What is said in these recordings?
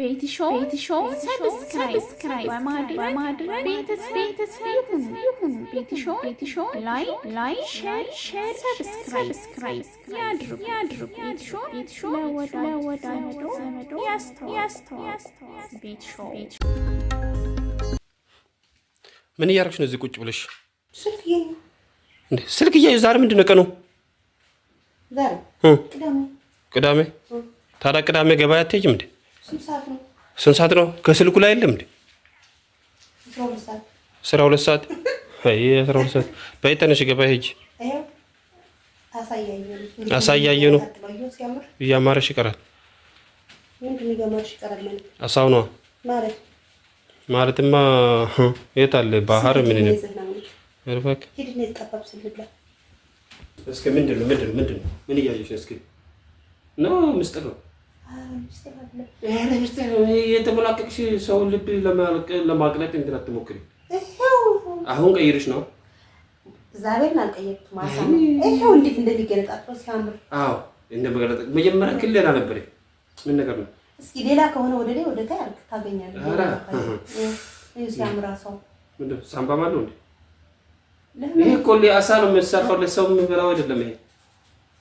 ቤቲሾው ሰብስክራይብ በማድረግ ቤተሰብ ይሁኑ። ላይ ሼር፣ ሰብስክራይብ ያድርጉ። ቤቲሾው ለወዳጆ ዘመዶ ያስተዋል። ቤቲሾው ምን እያደረግሽ ነው እዚህ ቁጭ ብለሽ? ስልክ እያዩ ዛሬ ምንድን ነው ቀኑ? ቅዳሜ። ታዲያ ቅዳሜ ገበያ አትሄጂም እንዴ? ስንት ሰዓት ነው? ከስልኩ ላይ አይደለም እንዴ? አስራ ሁለት ሰዓት አስራ ሁለት ሰዓት በይ ተነሽ፣ ገባ ሂጅ። አሳያየ ነው እያማረሽ ይቀራል። አሳው ነዋ ማለትማ የት አለ ባህር? ምን ነው እስኪ ምንድን ነው ምንድን ነው ምን እያየሽ እስኪ ነው ነው የተመላቀቅሽ ሰው ልብ ለማቅለጥ እንትን አትሞክሪ። አሁን ቀይርሽ ነው። ዛሬን መጀመሪያ ሌላ ነበር። ምን ነገር ነው? እስኪ ሌላ ከሆነ ወደ ላይ ወደ ታይ አልክ ታገኛለህ። ሲያምራ ሰው እንዴ? ይህ እኮ አሳ ነው የሚሰራው፣ ለሰው የሚበላው አይደለም ይሄ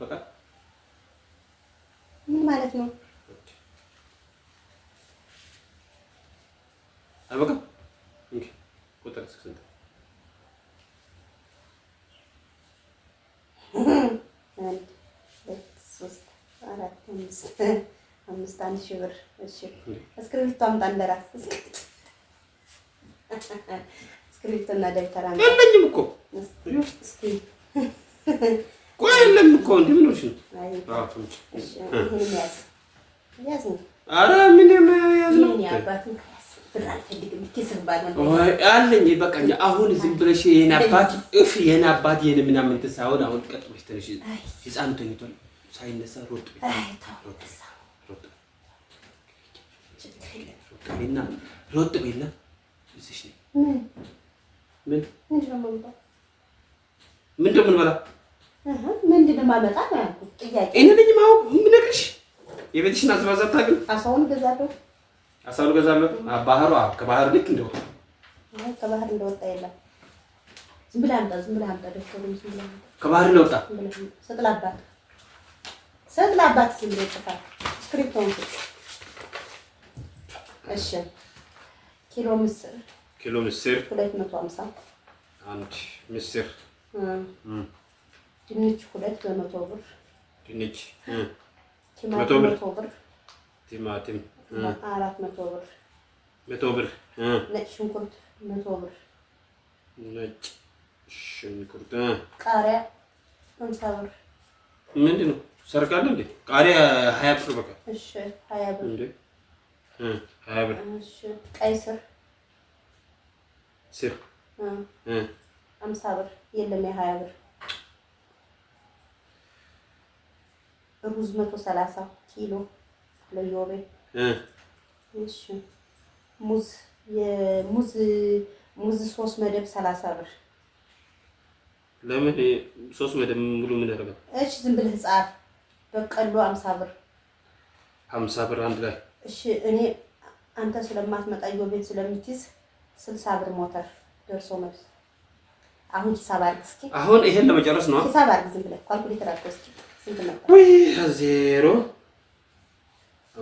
በቃ ምን ማለት ነው? አልበቃም እንዴ? ቁጥር እስከ ስንት? አንድ ሁለት ሦስት አራት አምስት አምስት አንድ ሺህ ብር። እሺ እስክሪብቶ አምጣ እንደራስ እስክሪብቶ እና ደብተር የለኝም እኮ እስኪ ቆይ የለም እኮ እንደ ምን ሆነሽ ነው? ምን የመያዝ ነው አለኝ። በቃ አሁን ዝም ብለሽ ይሄን አባት እፍ ይሄን አባት ይሄን ምናምን እንትን ሳይሆን አሁን ቀጥ ትንሽ ህፃኑ ተኝቷል፣ ሳይነሳ ሮጥ ሮጥና ሮጥ ቤላ ምን ምን ምንድን ነው የምንበላ ምንድን ማመጣ ነው ያልኩት ጥያቄ። ይህንን ማወቅ የምነግርሽ የቤትሽን አዘባዛብ ታግል አሳውን ገዛለሁ አሳውን ገዛለሁ። ባህሯ ከባህር ልክ እንደወጣ ከባህር እንደወጣ የለም ዝም ብለህ አምጣ፣ ዝም ብለህ አምጣ። ከባህር እንደወጣ ሰጥላባት፣ ሰጥላባት። ዝም ብለህ ጽፋት ስክሪፕቶን። እሺ ኪሎ ምስር፣ ኪሎ ምስር ሁለት መቶ ሀምሳ አንድ ምስር ድንች ሁለት በመቶ ብር ድንች ቲማቲም መቶ ብር ቲማቲም አራት መቶ ብር መቶ ብር ነጭ ሽንኩርት መቶ ብር ነጭ ሽንኩርት ቃሪያ ሃምሳ ብር ምንድን ነው ሰርቃለሁ እንዴ ቃሪያ ሀያ ብር በቃ እሺ ሀያ ብር እንዴ ሀያ ብር ቀይ ስር ስር ሃምሳ ብር የለም የሀያ ብር ሩዝ መቶ ሰላሳ ኪሎ ለዮቤ እሺ ሙዝ የሙዝ ሙዝ ሶስት መደብ ሰላሳ ብር ለምን ሶስት መደብ ሙሉ ምን ያደርጋል? እሺ ዝም ብለህ ጻፍ። በቀሎ አምሳ ብር አምሳ ብር አንድ ላይ እሺ እኔ አንተ ስለማትመጣ ዮቤት ስለምትይዝ ስልሳ ብር ሞተር ደርሶ መልስ አሁን ሂሳብ አድርግ እስኪ። አሁን ይሄን ለመጨረስ ነው። ሂሳብ አድርግ ዝም ብለህ ካልኩሌተር አድርገው እስኪ ዜሮ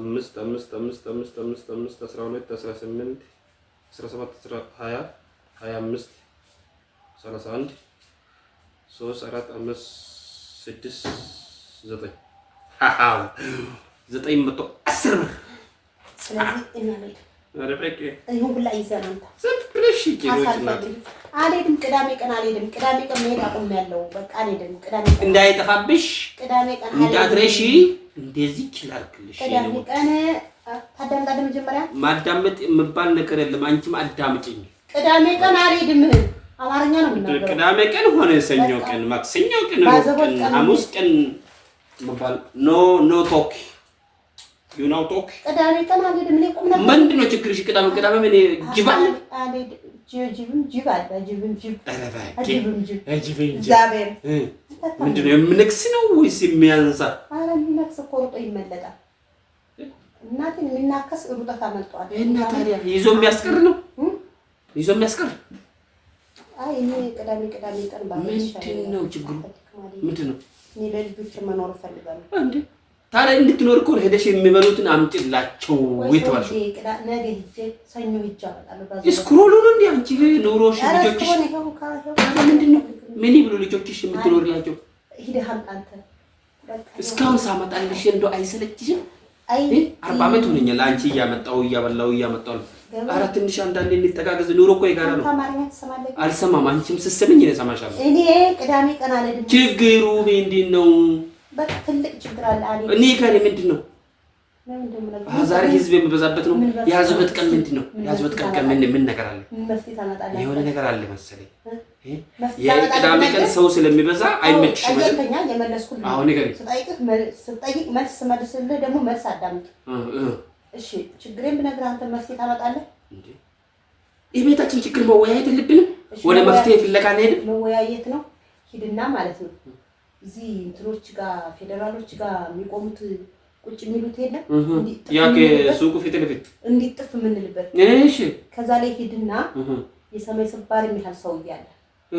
አምስት አምስት አምስት አምስት አምስት አምስት አስራ ሁለት አስራ ስምንት አስራ ሰባት ሀያ ሀያ አምስት ሰላሳ አንድ ሶስት አራት አምስት ስድስት ዘጠኝ ዘጠኝ መቶ አስር ብር ሁላ አልሄድም። ቅዳሜ ቀን አልሄድም። ቅዳሜ ቀን መሄድ አቁሜያለሁ። በቃ አልሄድም። ቅዳሜ ቀን እንዳይጠፋብሽ፣ ቅዳሜ ቀን እንዳትረሺ። እንደዚህ ይችላልልሽ። ቅዳሜ ቀን ታዳምጣለህ። መጀመሪያ ማዳመጥ የምባል ነገር የለም። አንቺም አዳምጪኝ። ቅዳሜ ቀን አልሄድም። አማርኛ ነው የምናገረው። ቅዳሜ ቀን ሆነ ሰኞ ቀን፣ ማክሰኞ ቀን፣ ሐሙስ ቀን ኖ ኖ ቶክ ዩናውቶክ ቅዳሜ ቀን አልሄድም። እኔ ቁም ነገር ምንድን ነው ችግርሽ? ቅዳሜ ቅዳሜ ምን ጅብ አለ? ምንድን ነው የምነክስ ነው ወይስ የሚያንሳ? ኧረ የሚነክስ እኮ ሩጦ ይመለጣል። እናቴን የሚናከስ ሩጠት አመልጠዋል። እና ታዲያ ይዞ የሚያስቀር ነው ይዞ የሚያስቀር አይ እኔ ቅዳሜ ቅዳሜ ቀን ምንድን ነው ችግሩ? ምንድን ነው እኔ ለልጆች መኖር እፈልጋለሁ እንዴ ታዲያ እንድትኖር እኮ ሄደሽ የሚበሉትን አምጪላቸው የተባልሽ እስክሮሉ ነው። እንደ አንቺ ኑሮሽ ልጆችሽ ምንድን ነው? ምን ይብሉ ልጆችሽ የምትኖርላቸው? እስካሁን ሳመጣልሽ እንደው አይሰለችሽም? አርባ ዓመት ሆነኛል አንቺ እያመጣሁ እያበላሁ እያመጣሁ ነው። ኧረ ትንሽ አንዳንዴ እንጠጋገዝ። ኑሮ እኮ የጋራ ነው። አልሰማም። አንቺም ስትሰሚኝ እኔ እሰማሻለሁ። ችግሩ ምንድን ነው? ትልቅ ችግር አለ። እኔ ከኔ ምንድን ነው ዛሬ ህዝብ የሚበዛበት ነው። የያዙበት ቀን ምንድን ነው? የያዙበት ቀን ቀን ምን ነገር አለ? የሆነ ነገር አለ መሰለኝ። የቅዳሜ ቀን ሰው ስለሚበዛ አይመችሽም። አሁን ነገር ስጠይቅ መልስ ስመልስልህ ደግሞ መልስ አዳምጥ። እሺ ችግሬን ብነግርህ አንተ መፍትሄ ታመጣለህ። የቤታችን ችግር መወያየት የለብንም። ወደ መፍትሄ ፍለጋ ሄድ መወያየት ነው ሂድና ማለት ነው እዚህ እንትኖች ጋር ፌዴራሎች ጋር የሚቆሙት ቁጭ የሚሉት የለም ሱቁ ፊት ለፊት እንዲጥፍ የምንልበት። እሺ፣ ከዛ ላይ ሂድና የሰማይ ስባር የሚያህል ሰው እያለ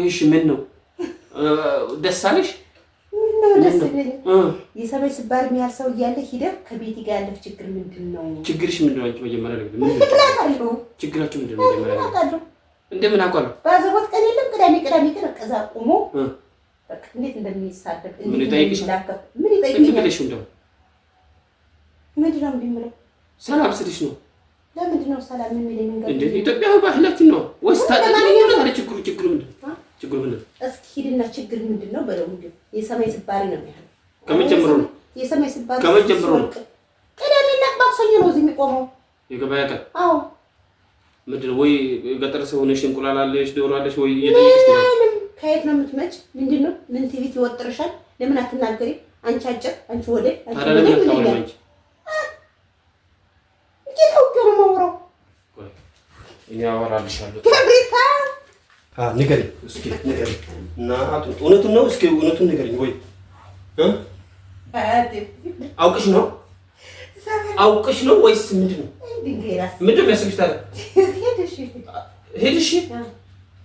እሺ፣ ምን ነው ደስ አለሽ? የሰማይ ስባር የሚያህል ሰው እያለ ሂደህ ከቤት ጋር ያለህ ችግር ምንድን ነው? ችግርሽ ምንድን ነው? መጀመሪያ ነው ችግራችሁ ምንድን ነው? መጀመሪያ እንደምን አውቃለሁ። ባዘቦት ቀን የለም ቅዳሜ ቅዳሜ ቀን ቀዛ ቆሞ እንዴት እንደሚሳደብ ምን ይጠይቅሻል? ምን ይጠይቅሽ? እንደው ምንድን ነው እንደምለው ሰላም ስልሽ ነው። ለምንድን ነው ሰላም የሚለኝ? ኢትዮጵያ ባህላችን ነው። ችግሩ ችግሩ ምንድን ነው? ችግሩ ምንድን ነው? እስኪ ሂድና ችግር ምንድን ነው በለው። እንዲ የሰማይ ስባሪ ነው ያለው። ከምን ጀምሮ ነው የሰማይ ስባሪ? ከምን ጀምሮ ነው? ቅዳሜና ማክሰኞ ነው እዚህ የሚቆመው የገበያ ቀን። አዎ ምንድን ነው ወይ ገጠር ሰው ሆነሽ እንቁላል አለሽ ዶሮ አለሽ ወይ እየጠየቅሽ ነው ከየት ነው የምትመጭ? ምንድን ነው ምን ቲቪት ይወጥርሻል? ለምን አትናገሪ? አንቺ አጭር፣ አንቺ ወደ አንቺ እውነቱን ነው። እስኪ እውነቱን ንገሪኝ። ወይ አውቅሽ ነው አውቅሽ ነው ወይስ ምንድን ነው? ምንድን ነው የሚያስብሽ ታዲያ? ሄድሽ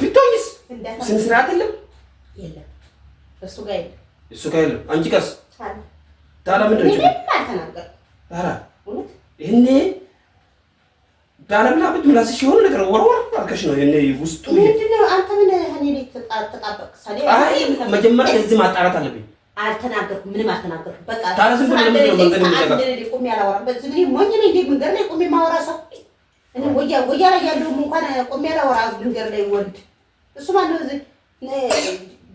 ብትሆኝስ ስነ ስርዓት የለም። እሱ ጋር የለም፣ እሱ ጋር የለም። አንቺ ጋርስ ታዲያ ምንድን ነው? ይሄኔ ባለምናምን ምላስሽ የሆነ ነገር ወርወር አልከሽ ነው። ይሄኔ ውስጡ መጀመሪያ እዚህ ማጣራት አለብኝ። አልተናገርኩም፣ ምንም አልተናገርኩም። በቃ ታዲያ ዝም ብለህ ለምንድን ነው መንገድ የሚዘጋ? ወያ ላይ ያለው እንኳን ቆሜ ላወራ ድንገር ላይ ወንድ እሱ ማነው እዚህ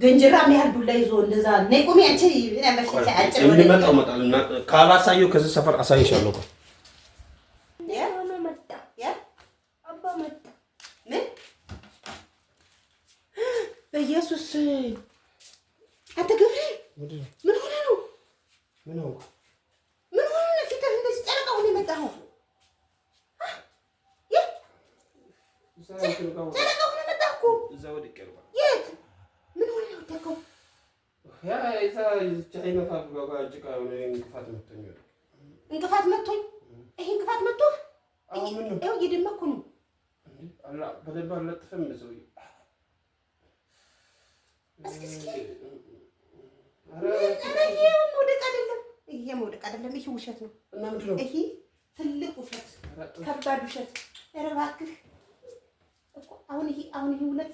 ገንጀራ ያህል ዱላ ይዞ እንደዛ ነይ ቆሜ አንቺ የሚመጣው እመጣለሁ። ካላሳየው ከዚህ ሰፈር አሳይሻለሁ። በኢየሱስ አንተ ገብሬ ምን ሆነ ነው? ምን ሆነ ነው? ፊት እንደዚህ ጨረቃ ሆነ የመጣኸው እንቅፋት መቶኝ ይሄ እንቅፋት መቶ ይኸው እየደመኩ ነው። በደንብ አልለጥፍም። ሰውዬ እስኪ እስኪ መውደቅ አይደለም፣ ይሄ መውደቅ አይደለም፣ ይሄ ውሸት ነው። ይሄ ትልቅ ውሸት፣ ከባድ ውሸት። ኧረ እባክህ አሁን ይሄ አሁን ይሄ ሁለት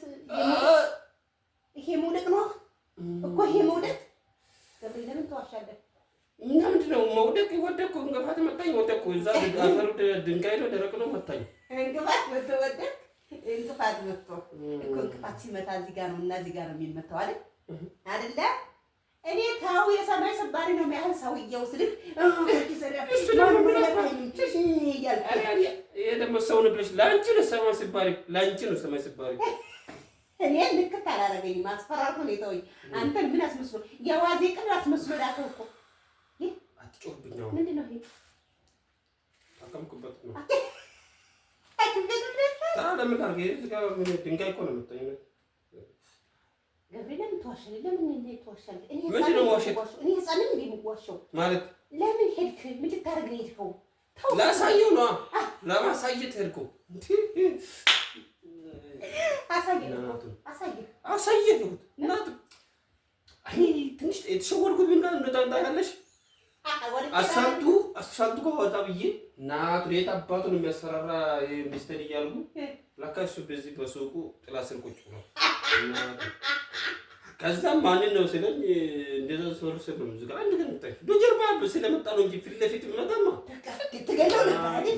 ይሄ መውደቅ ነው እኮ ይሄ መውደቅ ገብሬ፣ ለምን ተዋሻለህ? እና ምንድን ነው መውደቅ? ይወደቁ እንቅፋት መታኝ፣ ወደቁ። እዛ አፈሩ ድንጋይ ነው፣ ደረቅ ነው፣ መታኝ። እንቅፋት መቶ ወደቅ፣ እንቅፋት መቶ እኮ እንቅፋት ሲመታ እዚህ ጋር ነው እና እዚህ ጋር ነው የሚመታው አይደል? አይደለ? እኔ ታው የሰማይ ሰባሪ ነው የሚያህል ሰውዬው ስልክ እሱ ደግሞ ሰው ብለሽ ለአንቺ ነው ሰማይ ሲባል ለአንቺ ነው ሰማይ ሲባል እኔ ልክት አላደረገኝም። አስፈራርቶ ነው የተወኝ። አንተን ምን አስመስሎ የዋዜ ቅር አስመስሎ ላከው እኮ አትጮህብኝ። ምንድን ነው ይሄ? ነው ለምን ነው ለምን ነው እኔ ማለት ለምን ሄድክ? ምን ልታደርግ ነው ላሳየው ነዋ ለማሳየት ሄድኩ። አሳየሁት እናቱ ትንሽ የተሸወርኩት ምን እንዳለሽ አሳንቱ አሳንቱ ከወጣ ብዬ እናቱ የት አባቱን የሚያስፈራራ ሚስተር እያልኩ ለካ እሱ በዚህ በሱቁ ጥላ ስር ቁጭ ነው። ከዛም ማንን ነው ስለኝ እንደዛ ሰሩ ስር ነው ሙዚቃ አንድ ቀን ምታይ በጀርባ ስለመጣ ነው እንጂ ፊት ለፊት ምመጣማ ትገለው ነበር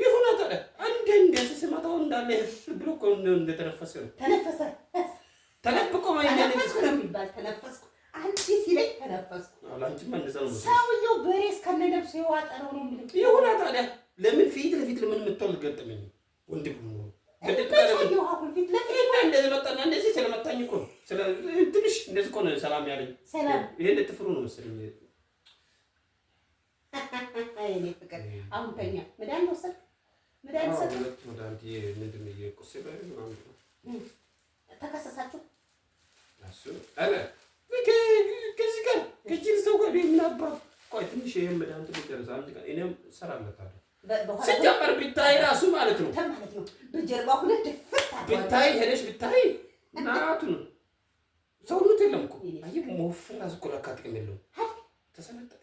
ይሁን ታዲያ አንዴ እንደዚህ ስመጣው እንዳለ ብሎ እኮ እንደተነፈሰ ነው። ተነፈሰ ተለብቆ ተነፈስኩ በሬ እስከነ ነፍሱ የዋጠረው ነው የሚል ይሁን ታዲያ። ለምን ፊት ለፊት ለምን የምትሆን ገጠመኝ ወንድም ነው። ትንሽ እንደዚህ ሰላም ያለኝ። ይሄን ልትፍሩ ነው መሰለኝ እኔ ፍቅር አሁን ተኛ። መድኃኒት ሲጀመር ብታይ ራሱ ማለት ነው ማለት ነው በጀርባ ብታይ ሄደሽ ብታይ ናቱ ነው ሰውነት የለም እኮ አየህ፣ መወፈር ራሱ እኮ ለካ ጥቅም የለውም ተሰነጠቀ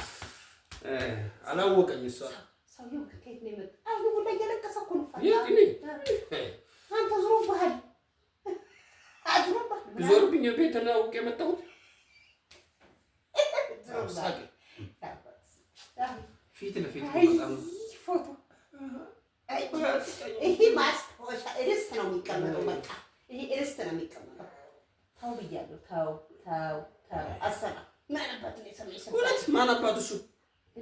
አላወቀኝ እሷ ሰውዬው ከየት ነው የመጣው? ፊት ለፊት ርስት ነው የሚቀመጠው። በቃ ይሄ ርስት ነው የሚቀመጠው። ተው ብያለሁ። ተው ተው ተው አሰራ ማን አባቱ ነው የሰማኝ? ማን አባቱ እሱ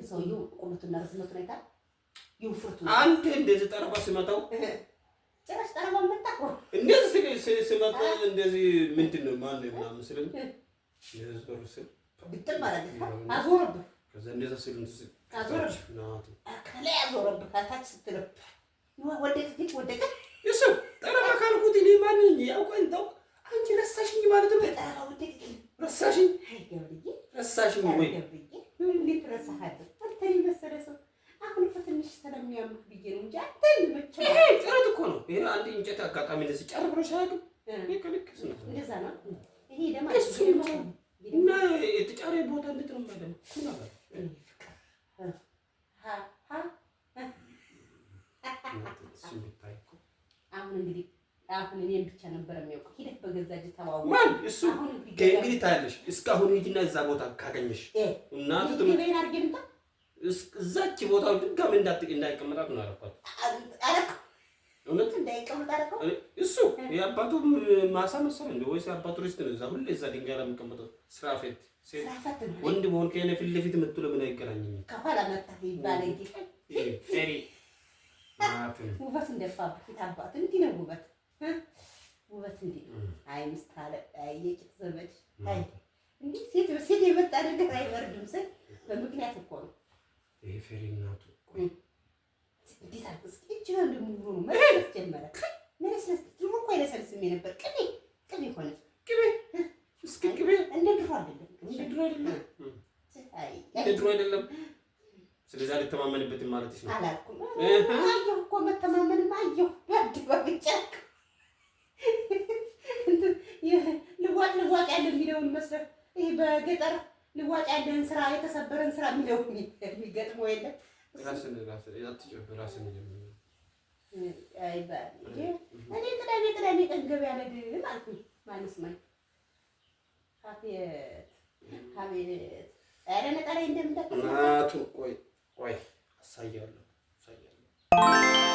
ሰውየው ቁመቱና ርዝመቱ አይታል። ይውፍርቱ አንተ እንደዚህ ጠረባ ስመታው ጭራሽ ጠረባ መጣ። እንደዚህ ስመጣ እንደዚህ ምንድን ነው ማን ነው ምናምን ስል ዞር ስል ብትል ማለት ነው አዞረብህ። ከዛ እንደዛ ስል እንትን አዞረብህ፣ ከላይ አዞረብህ፣ ከታች ስትለው ወደቀ፣ ግን ወደቀ። እሱ ጠረባ ካልኩት እኔ ማን ያውቀኝ ታው አንቺ ረሳሽኝ ማለት ነው። ጠረባ ወደቀ፣ ረሳሽኝ፣ ረሳሽኝ ወይ እንዴት ረሳሃል? አንተ የመሰለ ሰው አሁን እኮ ትንሽ ስለሚያምር ብዬ ነው እንጂ አንተ መቼም ይሄ ጥረት እኮ ነው። ይሄ አንድ እንጨት አጋጣሚ ለዚህ ጨርብሮሽ አያውቅም። እንደዛ ነው። ይሄ ደግሞ እና የተጫረ ቦታ እንዴት ነው ማለት ነው። አሁን እንግዲህ አሁን እኔም ብቻ ነበር የሚያውቀው። ሂደህ በገዛ እጅ ተዋወቅ። ማን እሱ? ከእንግዲህ ታያለሽ። እስካሁን ሂጂና እዛ ቦታ ካገኘሽ እና እዛች ቦታ ድጋሚ እንዳይቀመጣት ነው አደረኳት። አደረኩ እውነት እንዳይቀመጥ አደረከው። እሱ የአባቱ ማሳ መሰለህ እንደ ወይስ የአባቱ ርስት ነው? እዛ ሁሌ እዛ ድንጋይ ላይ የሚቀመጠው ስራ ፈት ወንድ መሆን ከሆነ ፊት ለፊት መጥቶ ለምን አይገናኝም? ከኋላ መታ ይባለ ጌ ውበት እንደፋበት አባት እንዲህ ነው ውበት ውበት እንዴት ነው? አይ ምስት አለ የጭት ዘመድ እንዲህ ሴት ሴት የመጣ ነገር አይበርድም ስል በምክንያት እኮ ነው። ይሄ ፌሪናቱ እኮ እንዴት አርቅስ ይችላል እንደምሆኑ መለስ ጀመረ። መለስለስ ድሮ እኮ አይለሰልስም የነበር ቅቤ ቅቤ ሆነ ቅቤ እስኪ ቅቤ እንደ ድሮ አይደለም፣ እንደ ድሮ አይደለም፣ እንደ ድሮ አይደለም። ስለዚህ አልተማመንበትም ማለት ነው? አላልኩም። አየሁ እኮ መተማመንም አየሁ በአዲባ ብቻ ያለው ይመስላል። ይህ በገጠር ልዋጭ ያለን ስራ የተሰበረን ስራ የሚለው የሚገጥመው የለም። ቅዳሜ ቅዳሜ ቀን ገበያ ልሂድ አልኩኝ። ማንስ ማን ካፌት ካፌት ኧረ ነጠላዬ እንደምታውቀው ቆይ ቆይ አሳያለሁ አሳያለሁ